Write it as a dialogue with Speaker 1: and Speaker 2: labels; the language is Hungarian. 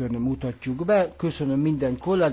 Speaker 1: mutatjuk be. Köszönöm minden kollégát.